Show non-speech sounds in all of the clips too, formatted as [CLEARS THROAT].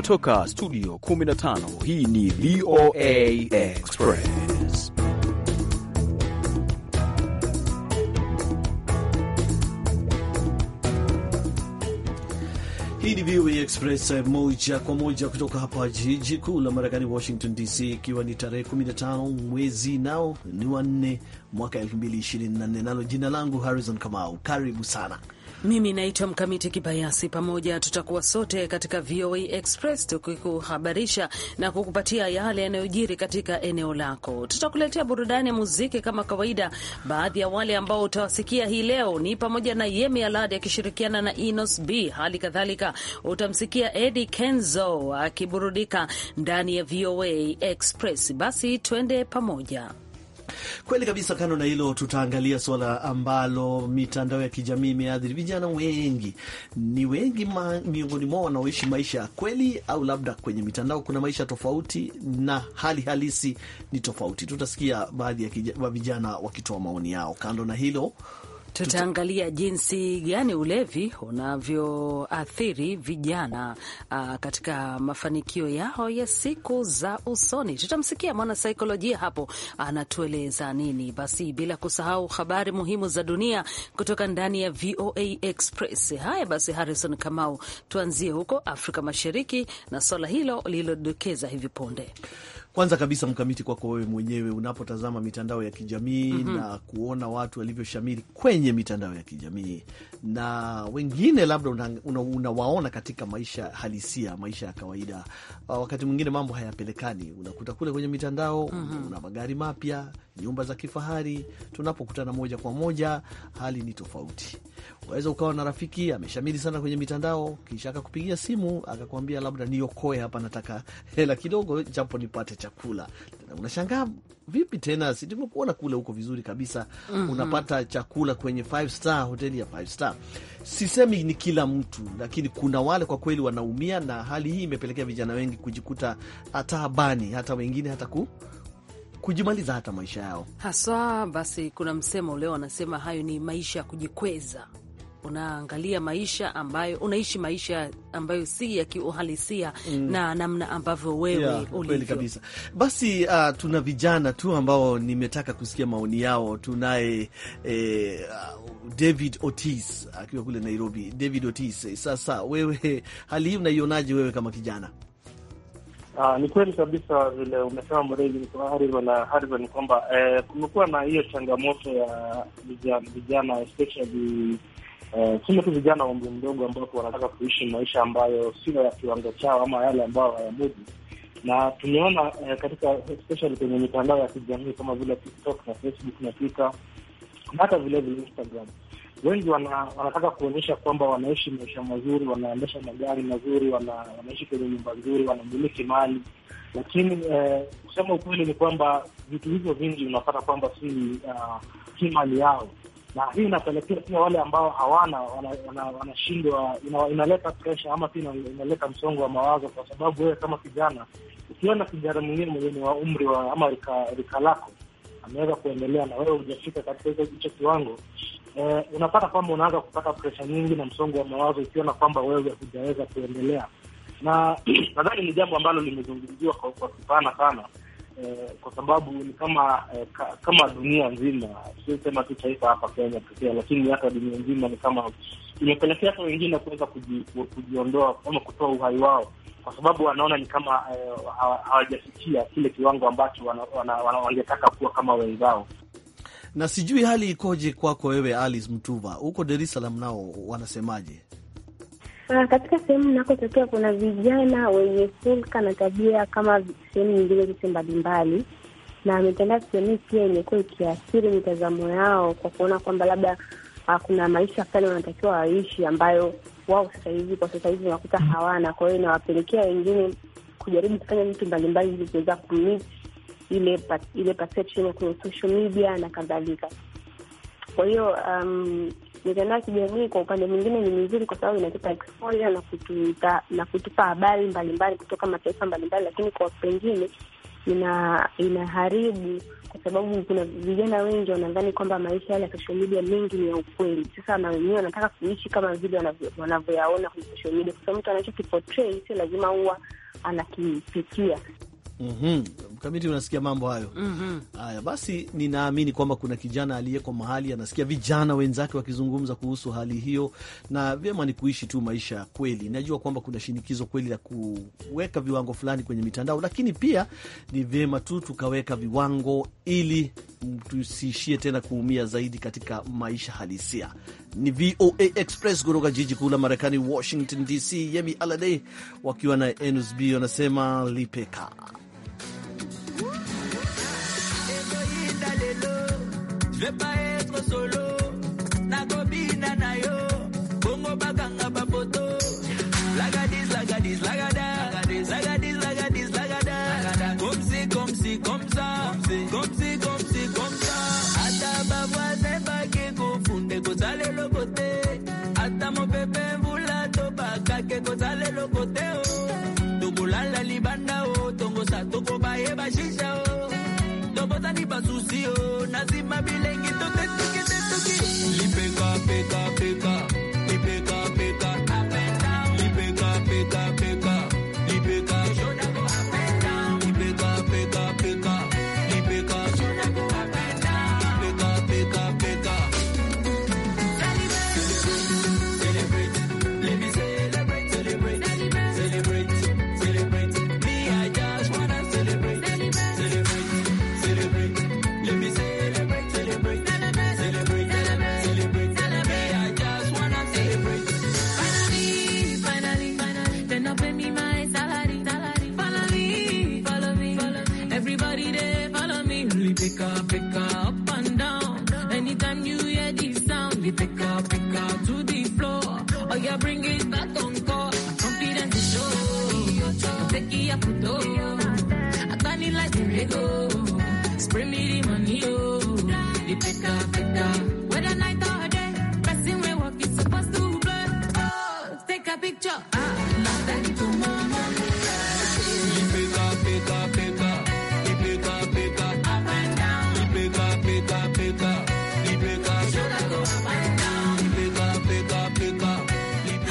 Kutoka studio 15 hii ni VOA Express. Hii ni VOA Express eh, moja kwa moja kutoka hapa jiji kuu la Marekani, Washington DC, ikiwa ni tarehe 15 mwezi nao ni wanne mwaka 2024, nalo jina langu Harrison Kamau. Karibu sana mimi naitwa Mkamiti Kibayasi. Pamoja tutakuwa sote katika VOA Express tukikuhabarisha na kukupatia yale yanayojiri katika eneo lako. Tutakuletea burudani ya muziki kama kawaida. Baadhi ya wale ambao utawasikia hii leo ni pamoja na Yemi Alade akishirikiana na Inos B. Hali kadhalika utamsikia Eddie Kenzo akiburudika ndani ya VOA Express. Basi twende pamoja. Kweli kabisa. Kando na hilo, tutaangalia suala ambalo mitandao ya kijamii imeathiri vijana wengi. Ni wengi miongoni mwao wanaoishi maisha ya kweli, au labda kwenye mitandao kuna maisha tofauti na hali halisi ni tofauti. Tutasikia baadhi ya vijana wakitoa maoni yao. Kando na hilo Tutaangalia jinsi gani ulevi unavyoathiri vijana uh, katika mafanikio yao ya siku za usoni. Tutamsikia mwanasaikolojia hapo anatueleza nini. Basi bila kusahau habari muhimu za dunia kutoka ndani ya VOA Express. Haya basi, Harrison Kamau, tuanzie huko Afrika Mashariki na swala hilo lililodokeza hivi punde. Kwanza kabisa Mkamiti, kwako wewe mwenyewe unapotazama mitandao ya kijamii mm -hmm. na kuona watu walivyoshamiri kwenye mitandao ya kijamii na wengine labda unawaona una, una katika maisha halisia, maisha ya kawaida, wakati mwingine mambo hayapelekani, unakuta kule kwenye mitandao mm -hmm. una magari mapya nyumba za kifahari. Tunapokutana moja kwa moja, hali ni tofauti. Waweza ukawa na rafiki ameshamiri sana kwenye mitandao, kisha akakupigia simu akakwambia, labda niokoe hapa, nataka hela kidogo, japo nipate chakula. Unashangaa vipi tena, si tumekuona kule huko vizuri kabisa. mm -hmm. Unapata chakula kwenye five star, hoteli ya five star. Sisemi ni kila mtu, lakini kuna wale kwa kweli wanaumia, na hali hii imepelekea vijana wengi kujikuta hata habani, hata wengine hata ku kujimaliza hata maisha yao haswa. Basi kuna msemo leo anasema hayo ni maisha ya kujikweza. Unaangalia maisha ambayo unaishi, maisha ambayo si ya kiuhalisia mm, na namna ambavyo wewe yeah, ulivyo kabisa. Basi uh, tuna vijana tu ambao nimetaka kusikia maoni yao. Tunaye eh, uh, David Otis akiwa kule Nairobi. David Otis, eh, sasa wewe [LAUGHS] hali hii unaionaje wewe kama kijana? Uh, ni kweli kabisa vile umesema Mrezi na ni kwamba eh, kumekuwa na hiyo changamoto ya vijana vijana especially eh, tu vijana wa umri mdogo ambapo wanataka kuishi maisha ambayo sio ya kiwango chao ama yale ambayo hayamudi, na tumeona eh, katika especially kwenye mitandao ya kijamii kama vile TikTok na Facebook na Twitter na hata vilevile Instagram wengi wana, wanataka kuonyesha kwamba wanaishi maisha mazuri, wanaendesha magari mazuri, wana, wanaishi kwenye nyumba nzuri, wanamiliki mali, lakini eh, kusema ukweli ni kwamba vitu hivyo vingi unapata kwamba si uh, si mali yao, na hii inapelekea pia wale ambao hawana wanashindwa, wana, wana ina, inaleta presha ama pia inaleta msongo wa mawazo, kwa sababu wewe kama kijana ukiona kijana mwingine mwenye ni wa umri wa ama rika, rika lako ameweza kuendelea na wewe hujafika katika hicho kiwango eh, unapata kwamba unaanza kupata presha nyingi na msongo wa mawazo, ukiona kwamba wewe hujaweza kuendelea, na [CLEARS THROAT] nadhani ni jambo ambalo limezungumziwa kwa, kwa kipana sana eh, kwa sababu ni kama eh, ka, kama dunia nzima, siosema tu taifa hapa Kenya pekee, lakini hata dunia nzima ni kama imepelekea hata wengine kuweza kuji, kujiondoa ama kutoa uhai wao kwa sababu wanaona ni kama eh, hawajafikia eh, kile kiwango ambacho wangetaka wana, wana, wana kuwa kama wenzao. Na sijui hali ikoje kwako wewe Alice Mtuva, huko Dar es Salaam nao wanasemaje? Uh, katika sehemu nakotokea kuna vijana wenye fulka na tabia kama sehemu nyingine zote mbalimbali, na mitandao ya kijamii pia imekuwa ikiathiri mitazamo yao kwa kuona kwamba labda uh, kuna maisha fulani wanatakiwa waishi ambayo wao sasa hivi kwa sasa hivi wanakuta hawana. Kwa hiyo inawapelekea wengine kujaribu kufanya vitu mbalimbali ili kuweza kumiti ile ile perception kwenye social media na kadhalika. Kwa hiyo um, mitandao ya kijamii kwa upande mwingine ni mizuri kwa sababu inatupa exposure na kutupa na kutupa habari mbalimbali kutoka mataifa mbalimbali, lakini kwa pengine ina inaharibu kwa sababu kuna vijana wengi wanadhani kwamba maisha yale ya social media mengi ni ya ukweli. Sasa na wenyewe wanataka kuishi kama vile wanavyoyaona kwenye social media, kwa sababu mtu anachokiportray sio lazima huwa anakipitia. Mm -hmm. Mkamiti, unasikia mambo hayo mhm. haya. mm -hmm. Basi ninaamini kwamba kuna kijana aliyeko mahali anasikia vijana wenzake wakizungumza kuhusu hali hiyo, na vyema ni kuishi tu maisha ya kweli. Najua kwamba kuna shinikizo kweli la kuweka viwango fulani kwenye mitandao, lakini pia ni vyema tu tukaweka viwango ili tusiishie tena kuumia zaidi katika maisha halisia. Ni VOA Express kutoka jiji kuu la Marekani, Washington DC. Yemi Alade wakiwa na NSB wanasema lipeka veux pas être solo nakobina na yo bongo bakanga bapoto lagadis lagadis lagada lagadis lagadis lagada comme si comme si comme ça comme si comme si comme ça ata bavoisin bake kofunde kozala eloko te ata mopepe mvula tobakake kozala eloko te o oh. tokolala libanda o oh. tongosa tokobayeba shisha o oh. tobotani basusi o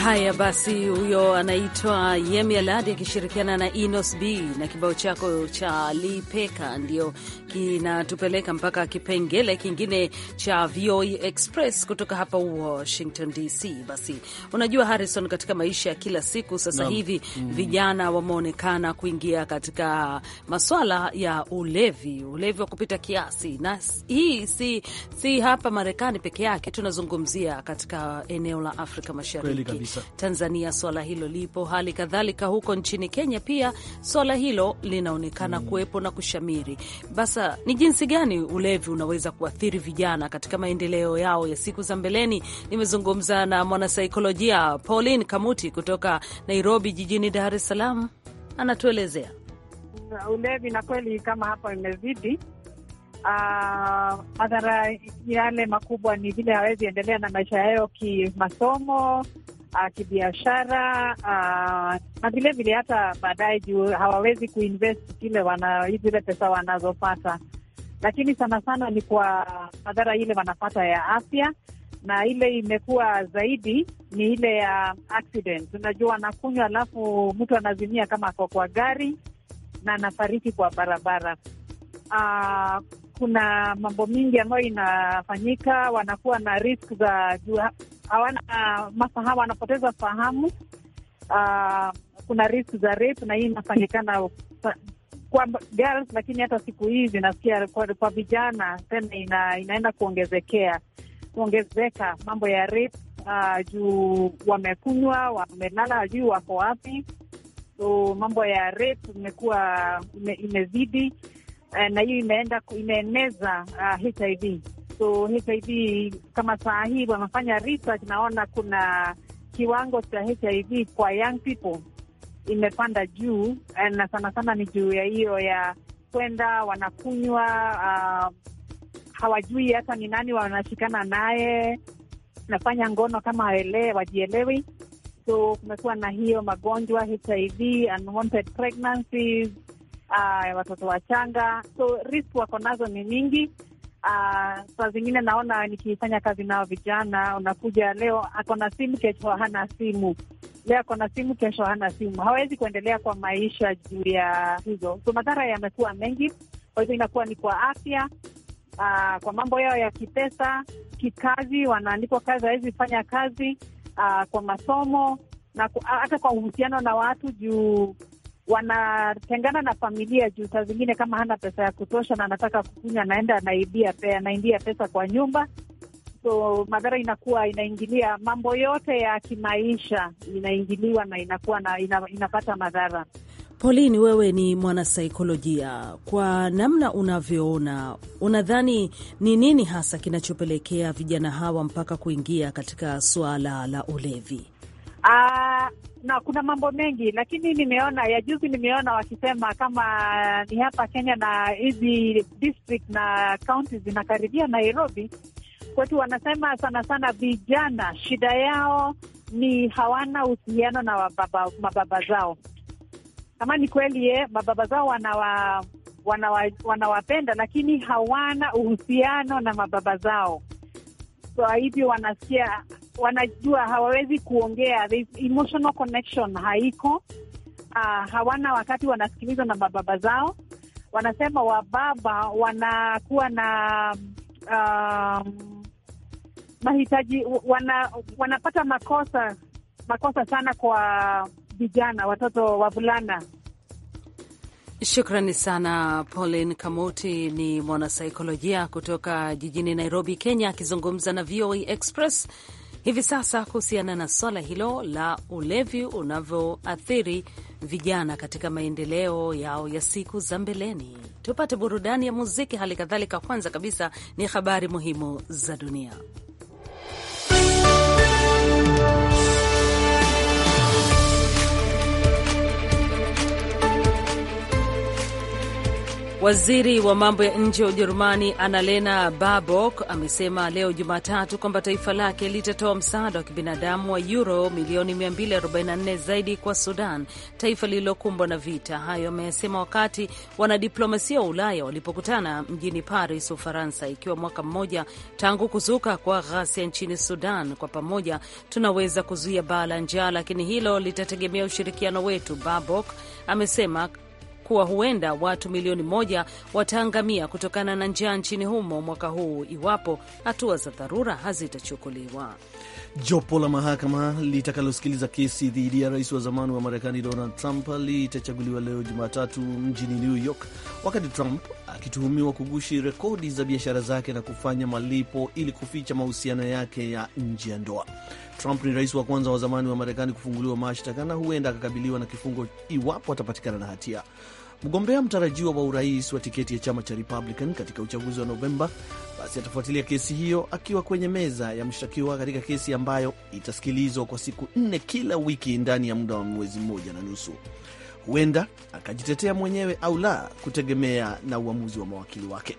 Haya basi, huyo anaitwa Yemi Aladi akishirikiana na Inos B na kibao chako cha Lipeka, ndio kinatupeleka mpaka kipengele kingine cha VOA e Express kutoka hapa Washington DC. Basi unajua Harrison, katika maisha ya kila siku sasa no. hivi mm vijana wameonekana kuingia katika maswala ya ulevi, ulevi wa kupita kiasi, na hii si, si hapa Marekani peke yake, tunazungumzia katika eneo la Afrika Mashariki, Tanzania swala hilo lipo, hali kadhalika huko nchini Kenya pia swala hilo linaonekana mm kuwepo na kushamiri basi sasa ni jinsi gani ulevi unaweza kuathiri vijana katika maendeleo yao ya siku za mbeleni. Nimezungumza na mwanasaikolojia Pauline Kamuti kutoka Nairobi jijini Dar es Salaam, anatuelezea ulevi. Na kweli kama hapa imezidi ah, madhara uh, yale makubwa ni vile hawezi endelea na maisha yayo kimasomo uh, kibiashara uh, na vilevile hata baadaye juu hawawezi kuinvest kile wana zile pesa wanazopata, lakini sana sana ni kwa madhara ile wanapata ya afya na ile imekuwa zaidi ni ile ya accident. Unajua, anakunywa alafu mtu anazimia kama ako kwa gari na anafariki kwa barabara. Uh, kuna mambo mingi ambayo inafanyika, wanakuwa na risk za hawana mafahamu, wanapoteza fahamu. Uh, kuna risk za rape na hii inafanyikana kwa girls, lakini hata siku hizi nasikia kwa, kwa vijana tena ina, inaenda kuongezekea kuongezeka mambo ya rape uh, juu wamekunywa, wamelala, hajui wako wapi. So mambo ya rape imekuwa imezidi, uh, na hiyo imeenda imeeneza uh, ah, HIV watu HIV kama saa hii wamefanya research, naona kuna kiwango cha HIV kwa young people imepanda juu, eh, na sana sana ni juu ya hiyo ya kwenda wanakunywa, uh, hawajui hata ni nani wanashikana naye, nafanya ngono kama hawaelewi, wajielewi. So kumekuwa na hiyo magonjwa HIV, unwanted pregnancies, uh, watoto wachanga, so risk wako nazo ni nyingi uh, zingine naona nikifanya kazi nao vijana, unakuja leo ako na simu, kesho hana simu, leo ako na simu, kesho hana simu, hawezi kuendelea kwa maisha juu ya hizo. So madhara yamekuwa mengi, kwa hivyo inakuwa ni kwa afya uh, kwa mambo yao ya kipesa, kikazi, wanaandikwa kazi, hawezi fanya kazi uh, kwa masomo na hata kwa uhusiano na watu juu wanatengana na familia juu saa zingine kama hana pesa ya kutosha na anataka kukunywa, anaenda anaibia pe, anaingia pesa kwa nyumba. So madhara inakuwa inaingilia mambo yote ya kimaisha, inaingiliwa na inakuwa na ina, inapata madhara. Pauline, wewe ni mwanasaikolojia, kwa namna unavyoona, unadhani ni nini hasa kinachopelekea vijana hawa mpaka kuingia katika suala la ulevi? Aa, ah, na kuna mambo mengi lakini nimeona ya juzi, nimeona wakisema kama ni hapa Kenya na hizi district na kaunti zinakaribia Nairobi kwetu, wanasema sana sana vijana shida yao ni hawana uhusiano na wababa, mababa zao. Kama ni kweli eh, mababa zao wanawa, wanawa, wanawapenda lakini hawana uhusiano na mababa zao, kwa so, hivyo wanasikia wanajua hawawezi kuongea, emotional connection haiko. Uh, hawana wakati wanasikilizwa na mababa zao. Wanasema wababa wanakuwa na um, mahitaji wana, wanapata makosa makosa sana kwa vijana, watoto wavulana. Shukrani sana Pauline Kamoti, ni mwanasaikolojia kutoka jijini Nairobi, Kenya, akizungumza na VOA Express hivi sasa kuhusiana na swala hilo la ulevi unavyoathiri vijana katika maendeleo yao ya siku za mbeleni. Tupate burudani ya muziki, hali kadhalika. Kwanza kabisa ni habari muhimu za dunia. Waziri wa mambo ya nje wa Ujerumani Annalena Baerbock amesema leo Jumatatu kwamba taifa lake litatoa msaada wa kibinadamu wa euro milioni 244 zaidi kwa Sudan, taifa lililokumbwa na vita. Hayo ameyasema wakati wanadiplomasia wa Ulaya walipokutana mjini Paris, Ufaransa, ikiwa mwaka mmoja tangu kuzuka kwa ghasia nchini Sudan. Kwa pamoja tunaweza kuzuia baa la njaa, lakini hilo litategemea ushirikiano wetu, Baerbock amesema kuwa huenda watu milioni moja wataangamia kutokana na njaa nchini humo mwaka huu iwapo hatua za dharura hazitachukuliwa. Jopo la mahakama litakalosikiliza kesi dhidi ya rais wa zamani wa Marekani Donald Trump litachaguliwa leo Jumatatu mjini New York, wakati Trump akituhumiwa kugushi rekodi za biashara zake na kufanya malipo ili kuficha mahusiano yake ya nje ya ndoa. Trump ni rais wa kwanza wa zamani wa Marekani kufunguliwa mashtaka na huenda akakabiliwa na kifungo iwapo atapatikana na hatia. Mgombea mtarajiwa wa urais wa tiketi ya chama cha Republican katika uchaguzi wa Novemba basi atafuatilia kesi hiyo akiwa kwenye meza ya mshtakiwa katika kesi ambayo itasikilizwa kwa siku nne kila wiki ndani ya muda wa mwezi mmoja na nusu. Huenda akajitetea mwenyewe au la, kutegemea na uamuzi wa mawakili wake.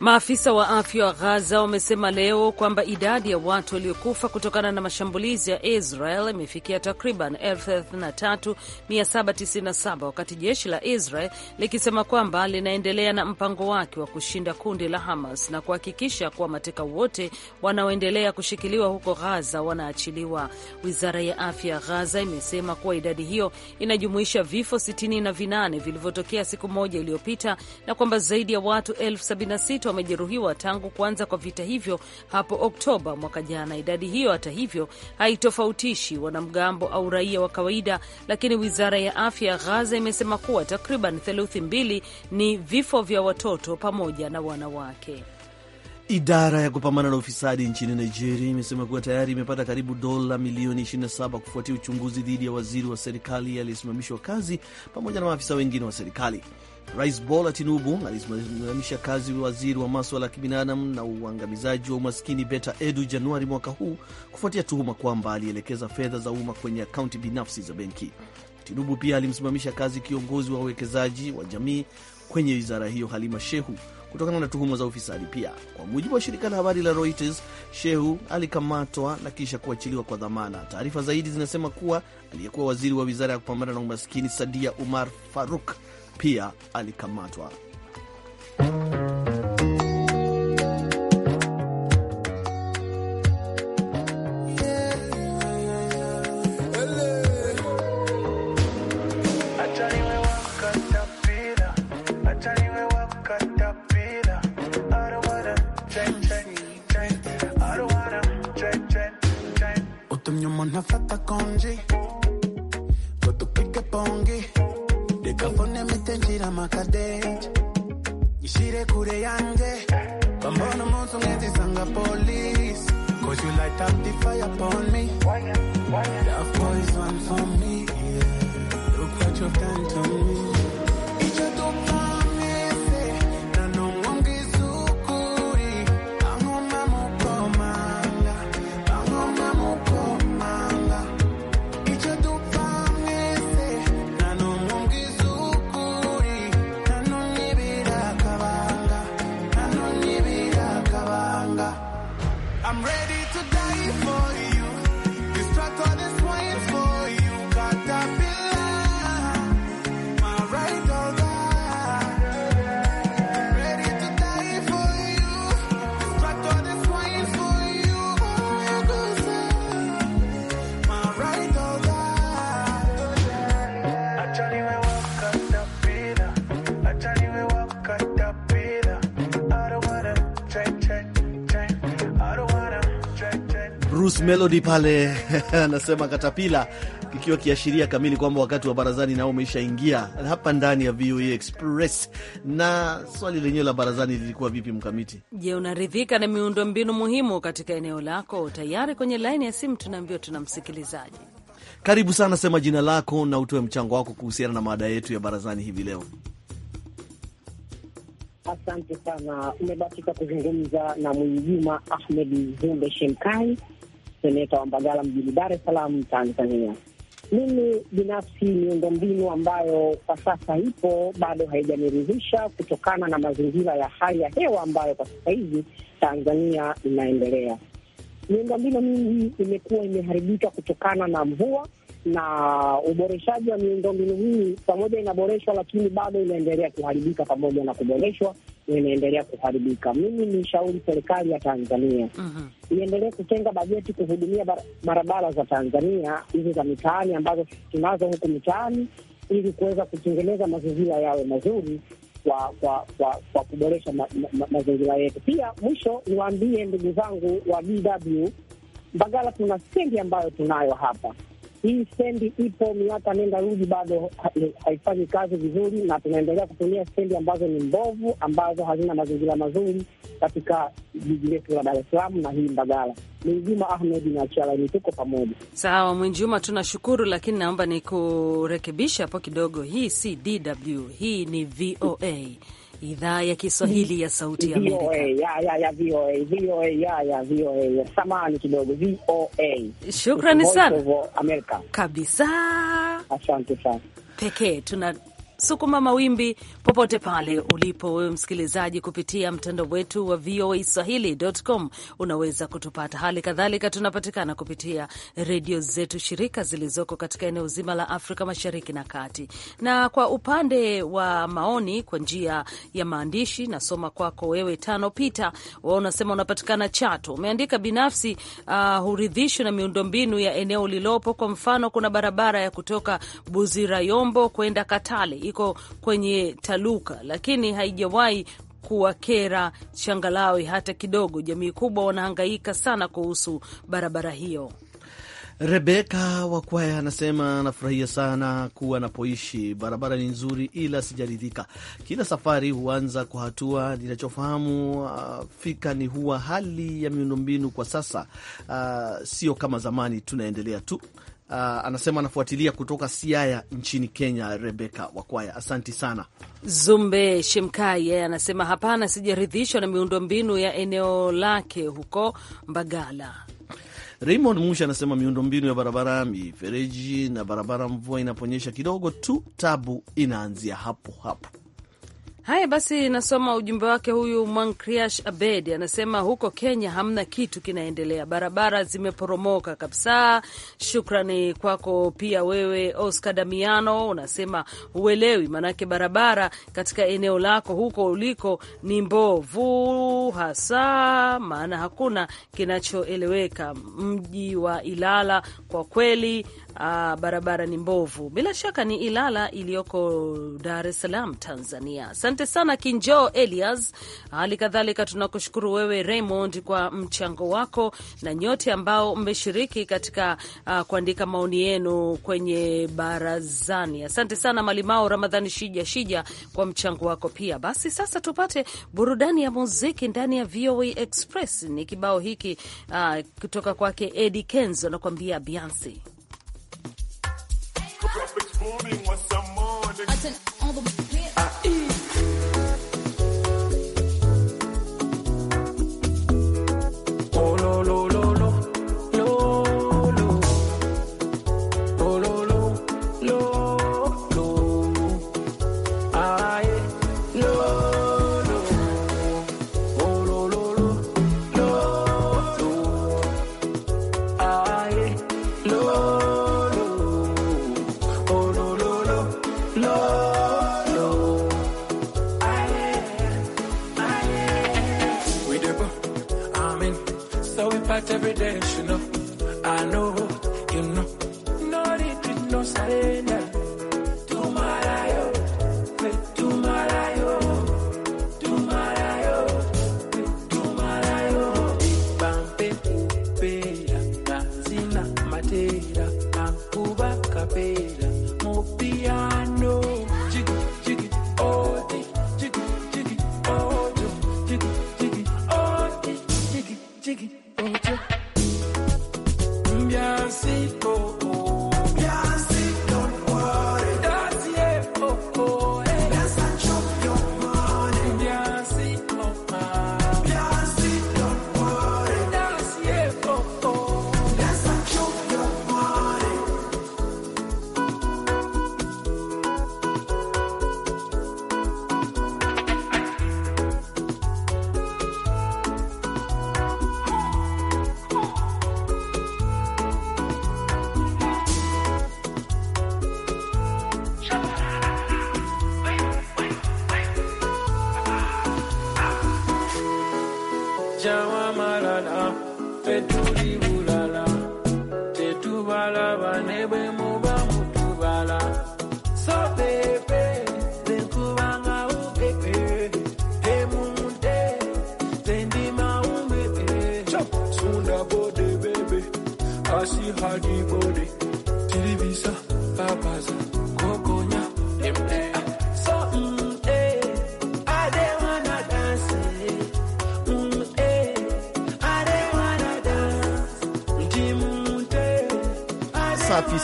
Maafisa wa afya wa Ghaza wamesema leo kwamba idadi ya watu waliokufa kutokana na mashambulizi ya Israel imefikia takriban 33797 wakati jeshi la Israel likisema kwamba linaendelea na mpango wake wa kushinda kundi la Hamas na kuhakikisha kuwa mateka wote wanaoendelea kushikiliwa huko Ghaza wanaachiliwa. Wizara ya afya ya Ghaza imesema kuwa idadi hiyo inajumuisha vifo 68 vilivyotokea siku moja iliyopita na kwamba zaidi ya watu elfu 76 watu wamejeruhiwa tangu kuanza kwa vita hivyo hapo Oktoba mwaka jana. Idadi hiyo hata hivyo haitofautishi wanamgambo au raia wa kawaida, lakini wizara ya afya ya Ghaza imesema kuwa takriban theluthi mbili ni vifo vya watoto pamoja na wanawake. Idara ya kupambana na ufisadi nchini Nigeria imesema kuwa tayari imepata karibu dola milioni 27 kufuatia uchunguzi dhidi ya waziri wa serikali aliyesimamishwa kazi pamoja na maafisa wengine wa serikali. Rais Bola Tinubu alisimamisha kazi waziri wa maswala ya kibinadamu na uangamizaji wa umaskini Beta Edu Januari mwaka huu kufuatia tuhuma kwamba alielekeza fedha za umma kwenye akaunti binafsi za benki. Tinubu pia alimsimamisha kazi kiongozi wa uwekezaji wa jamii kwenye wizara hiyo Halima Shehu kutokana na tuhuma za ufisadi. Pia kwa mujibu wa shirika la habari la Reuters, Shehu alikamatwa na kisha kuachiliwa kwa dhamana. Taarifa zaidi zinasema kuwa aliyekuwa waziri wa wizara ya kupambana na umaskini Sadia Umar Faruk pia alikamatwa. Melody pale [LAUGHS] anasema katapila, kikiwa kiashiria kamili kwamba wakati wa barazani nao ingia hapa ndani ya VOA e Express. Na swali lenyewe la barazani lilikuwa vipi, Mkamiti? Je, unaridhika na miundombinu muhimu katika eneo lako? Tayari kwenye laini ya simu tunaambiwa tuna msikilizaji. Karibu sana, sema jina lako na utoe mchango wako kuhusiana na mada yetu ya barazani hivi leo. Asante sana. Umebatika kuzungumza na Mwinjuma Ahmed Zumbe Shemkai seneta wa Mbagala mjini Dar es Salaam, Tanzania. Mimi binafsi, miundo mbinu ambayo kwa sasa ipo bado haijaniridhisha kutokana na mazingira ya hali ya hewa ambayo kwa sasa hivi Tanzania inaendelea. Miundombinu mingi imekuwa imeharibika kutokana na mvua, na uboreshaji wa miundombinu hii pamoja inaboreshwa, lakini bado inaendelea kuharibika pamoja na kuboreshwa, inaendelea kuharibika. Mimi ni shauri serikali ya Tanzania mhm. iendelee kutenga bajeti kuhudumia barabara za Tanzania hizi za mitaani ambazo tunazo huku mitaani, ili kuweza kutengeneza mazingira yawe mazuri kwa kwa kwa, kwa kuboresha ma, ma, ma, mazingira yetu. Pia mwisho niwaambie ndugu zangu wa DW Mbagala, tuna stendi ambayo tunayo hapa hii stendi ipo miaka nenda rudi, bado haifanyi kazi vizuri, na tunaendelea kutumia stendi ambazo ni mbovu, ambazo hazina mazingira mazuri katika jiji letu la Dar es Salaam na hii Mbagala. Mwinjuma Ahmed na Chalani, tuko pamoja. Sawa Mwinjuma, tunashukuru, lakini naomba nikurekebisha hapo kidogo. Hii si DW, hii ni VOA idhaa ya Kiswahili ya Sauti Amerika. Samahani kidogo, VOA. Shukrani sana kabisa, asante sana pekee tuna sukuma mawimbi popote pale ulipo wewe msikilizaji, kupitia mtandao wetu wa VOA Swahili.com unaweza kutupata. Hali kadhalika tunapatikana kupitia redio zetu shirika zilizoko katika eneo zima la Afrika Mashariki na Kati. Na kwa upande wa maoni kwa njia ya maandishi, nasoma kwako wewe Tano Pita, wa unasema unapatikana Chato. Umeandika binafsi uh, huridhishwi na miundombinu ya eneo lilopo. Kwa mfano, kuna barabara ya kutoka Buzirayombo kwenda Katale iko kwenye taluka, lakini haijawahi kuwakera changalawe hata kidogo. Jamii kubwa wanahangaika sana kuhusu barabara hiyo. Rebeka Wakwaya anasema anafurahia sana kuwa anapoishi. Barabara ni nzuri, ila sijaridhika. Kila safari huanza kwa hatua. Ninachofahamu uh, fika ni huwa hali ya miundombinu kwa sasa uh, sio kama zamani, tunaendelea tu Uh, anasema anafuatilia kutoka Siaya nchini Kenya. Rebeka Wakwaya, asanti sana. Zumbe Shemkai yeye anasema hapana, sijaridhishwa na miundombinu ya eneo lake huko Mbagala. Raymond Musha anasema miundombinu ya barabara, mifereji na barabara, mvua inaponyesha kidogo tu, tabu inaanzia hapo hapo. Haya basi, nasoma ujumbe wake huyu Mwancriash Abed anasema huko Kenya hamna kitu kinaendelea, barabara zimeporomoka kabisa. Shukrani kwako pia wewe Oscar Damiano, unasema huelewi maanake barabara katika eneo lako huko uliko ni mbovu hasa, maana hakuna kinachoeleweka. Mji wa Ilala kwa kweli Uh, barabara ni mbovu bila shaka. Ni Ilala iliyoko Dar es Salaam, Tanzania. Asante sana kinjo Elias, hali kadhalika tunakushukuru wewe Raymond kwa mchango wako na nyote ambao mmeshiriki katika uh, kuandika maoni yenu kwenye barazani. Asante sana Malimao Ramadhani Shija Shija kwa mchango wako pia. Basi sasa tupate burudani ya muziki ndani ya VOA Express. Ni kibao hiki uh, kutoka kwake Eddie Kenzo anakuambia Beyonce. morning, morning? I turn all the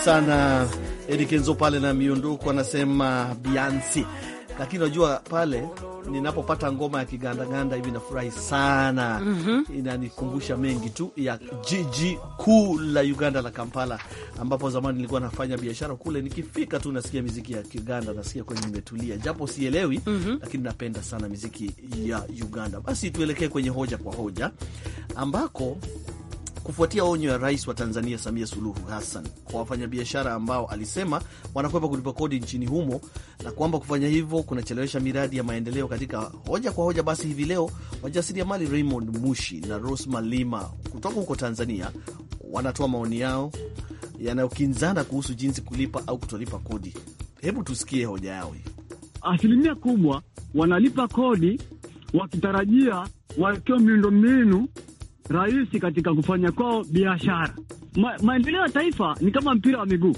sana Edi Kenzo pale na miunduko anasema Biansi, lakini unajua pale ninapopata ngoma ya kigandaganda hivi nafurahi sana mm -hmm. Inanikumbusha mengi tu ya jiji kuu la Uganda la Kampala, ambapo zamani nilikuwa nafanya biashara kule. Nikifika tu nasikia miziki ya kiganda nasikia kwenye nimetulia, japo sielewi mm -hmm. Lakini napenda sana miziki ya Uganda. Basi tuelekee kwenye hoja kwa hoja, ambako kufuatia onyo ya Rais wa Tanzania Samia Suluhu Hassan kwa wafanyabiashara ambao alisema wanakwepa kulipa kodi nchini humo na kwamba kufanya hivyo kunachelewesha miradi ya maendeleo. Katika hoja kwa hoja, basi hivi leo wajasiriamali Raymond Mushi na ros malima kutoka huko Tanzania wanatoa maoni yao yanayokinzana kuhusu jinsi kulipa au kutolipa kodi. Hebu tusikie hoja yao. Asilimia kubwa wanalipa kodi wakitarajia wawekewe miundombinu rahisi katika kufanya kwao biashara. Ma, maendeleo ya taifa ni kama mpira wa miguu.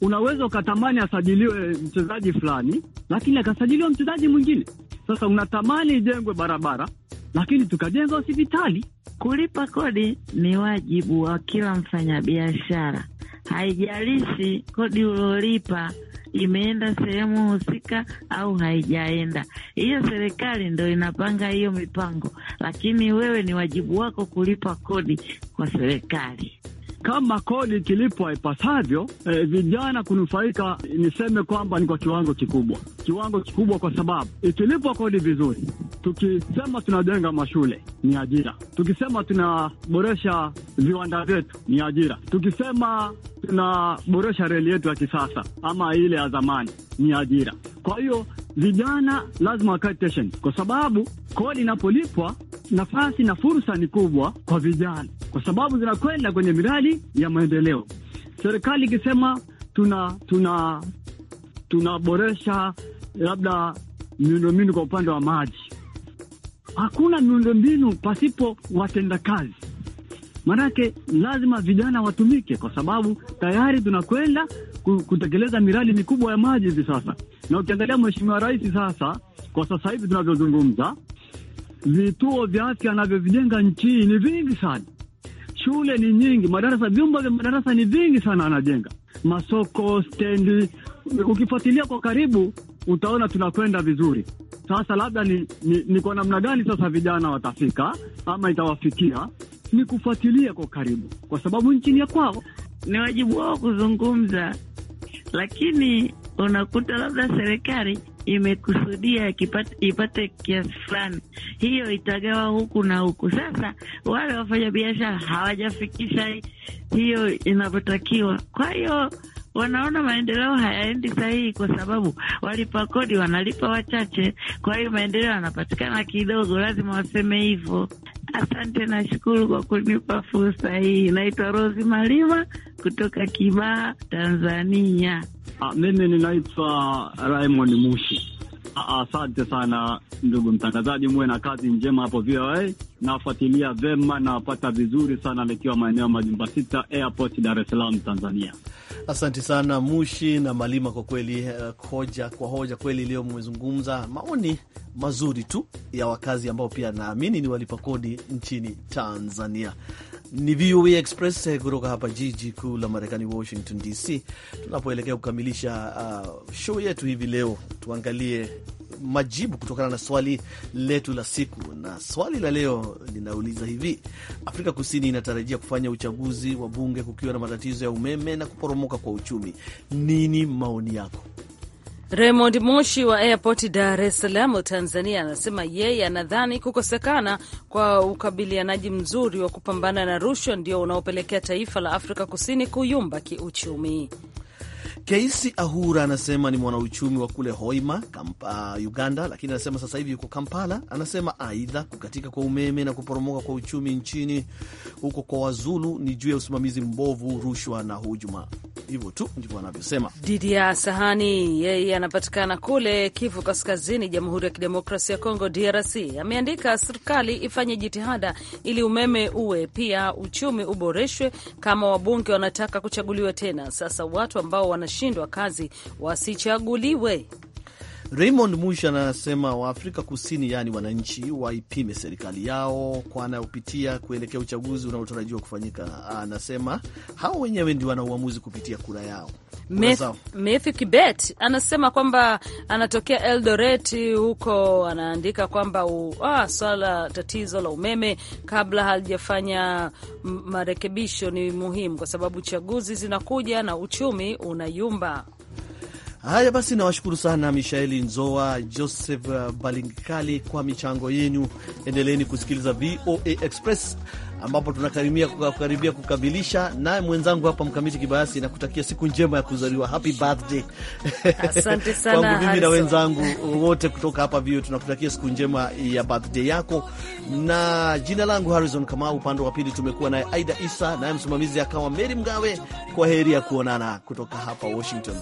Unaweza ukatamani asajiliwe mchezaji fulani, lakini akasajiliwa mchezaji mwingine. Sasa unatamani ijengwe barabara, lakini tukajenga hospitali. Kulipa kodi ni wajibu wa kila mfanyabiashara, haijalishi kodi uliolipa imeenda sehemu husika au haijaenda. Hiyo serikali ndo inapanga hiyo mipango, lakini wewe ni wajibu wako kulipa kodi kwa serikali kama kodi kilipwa ipasavyo, e, vijana kunufaika, niseme kwamba ni kwa kiwango kikubwa, kiwango kikubwa, kwa sababu ikilipwa kodi vizuri, tukisema tunajenga mashule ni ajira, tukisema tunaboresha viwanda vyetu ni ajira, tukisema tunaboresha reli yetu ya kisasa ama ile ya zamani ni ajira. Kwa hiyo vijana lazima wakae kwa sababu kodi inapolipwa, nafasi na fursa ni kubwa kwa vijana kwa sababu zinakwenda kwenye miradi ya maendeleo. Serikali ikisema tuna tuna tunaboresha labda miundombinu kwa upande wa maji, hakuna miundombinu pasipo watendakazi. Maanake lazima vijana watumike, kwa sababu tayari tunakwenda kutekeleza miradi mikubwa ya maji hivi sasa. Na ukiangalia Mheshimiwa Rais sasa, kwa sasa hivi tunavyozungumza, vituo vya afya anavyovijenga nchini ni vingi sana. Shule ni nyingi, madarasa, vyumba vya madarasa ni vingi sana, anajenga masoko, stendi. Ukifuatilia kwa karibu, utaona tunakwenda vizuri. Sasa labda ni, ni, ni kwa namna gani sasa vijana watafika ama itawafikia? Ni kufuatilia kwa karibu, kwa sababu nchi ni ya kwao, ni wajibu wao kuzungumza, lakini unakuta labda serikali imekusudia ipate kiasi fulani, hiyo itagawa huku na huku. Sasa wale wafanyabiashara hawajafikisha hiyo inavyotakiwa, kwa hiyo wanaona maendeleo hayaendi sahihi, kwa sababu walipa kodi wanalipa wachache, kwa hiyo maendeleo yanapatikana kidogo. Lazima waseme hivyo. Asante, nashukuru kwa kunipa fursa hii. Naitwa Rosi Malima kutoka Kibaha, Tanzania. Ah, mimi ninaitwa Raymond Mushi. Ah, ah, asante sana ndugu mtangazaji, muwe na kazi njema hapo VOA. Nafuatilia vema, nawapata vizuri sana nikiwa maeneo Majumba Sita Airport, Dar es Salaam, Tanzania. Asante sana Mushi na Malima kwa kweli, uh, hoja kwa hoja kweli. Leo mmezungumza maoni mazuri tu ya wakazi ambao pia naamini ni walipa kodi nchini Tanzania. Ni VOA Express eh, kutoka hapa jiji kuu la Marekani, Washington DC, tunapoelekea kukamilisha uh, show yetu hivi leo. Tuangalie majibu kutokana na swali letu la siku, na swali la leo linauliza hivi: Afrika Kusini inatarajia kufanya uchaguzi wa bunge kukiwa na matatizo ya umeme na kuporomoka kwa uchumi. Nini maoni yako? Raymond Moshi wa airport Dar es Salaam, Tanzania, anasema yeye anadhani kukosekana kwa ukabilianaji mzuri wa kupambana na rushwa ndio unaopelekea taifa la Afrika Kusini kuyumba kiuchumi. Keisi Ahura anasema ni mwanauchumi wa kule Hoima Kampa, Uganda, lakini anasema sasa hivi yuko Kampala. Anasema aidha kukatika kwa umeme na kuporomoka kwa uchumi nchini huko kwa Wazulu ni juu ya usimamizi mbovu, rushwa na hujuma. Hivyo tu ndivyo anavyosema. Didia Sahani yeye anapatikana kule Kivu Kaskazini, Jamhuri ya Kidemokrasia ya Kongo, DRC. Ameandika serikali ifanye jitihada ili umeme uwe pia uchumi uboreshwe, kama wabunge wanataka kuchaguliwa tena. Sasa watu ambao wanash kushindwa kazi wasichaguliwe. Raymond Mush anasema Waafrika Kusini, yaani wananchi, waipime serikali yao kwa anayopitia kuelekea uchaguzi unaotarajiwa kufanyika. Anasema hao wenyewe ndio wana uamuzi kupitia kura yao. Mefi Kibet anasema kwamba anatokea Eldoret huko, anaandika kwamba ah, swala tatizo la umeme kabla halijafanya marekebisho ni muhimu, kwa sababu chaguzi zinakuja na uchumi unayumba. Haya basi, nawashukuru sana Mishaeli Nzoa, Joseph uh, Balinkali kwa michango yenu. Endeleeni kusikiliza VOA Express ambapo tunakaribia kukaribia kukamilisha naye mwenzangu hapa Mkamiti Kibayasi na kutakia siku njema ya kuzaliwa, happy birthday. Asante [LAUGHS] sana kwangu mimi na wenzangu wote kutoka hapa vio, tunakutakia siku njema ya birthday yako. Na jina langu Harrison Kamau, upande wa pili tumekuwa naye Aida Isa, naye msimamizi akawa Meri Mgawe. Kwa heri ya kuonana kutoka hapa Washington.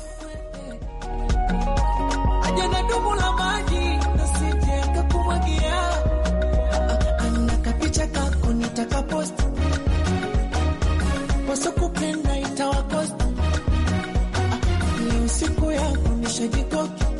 Ushajikoki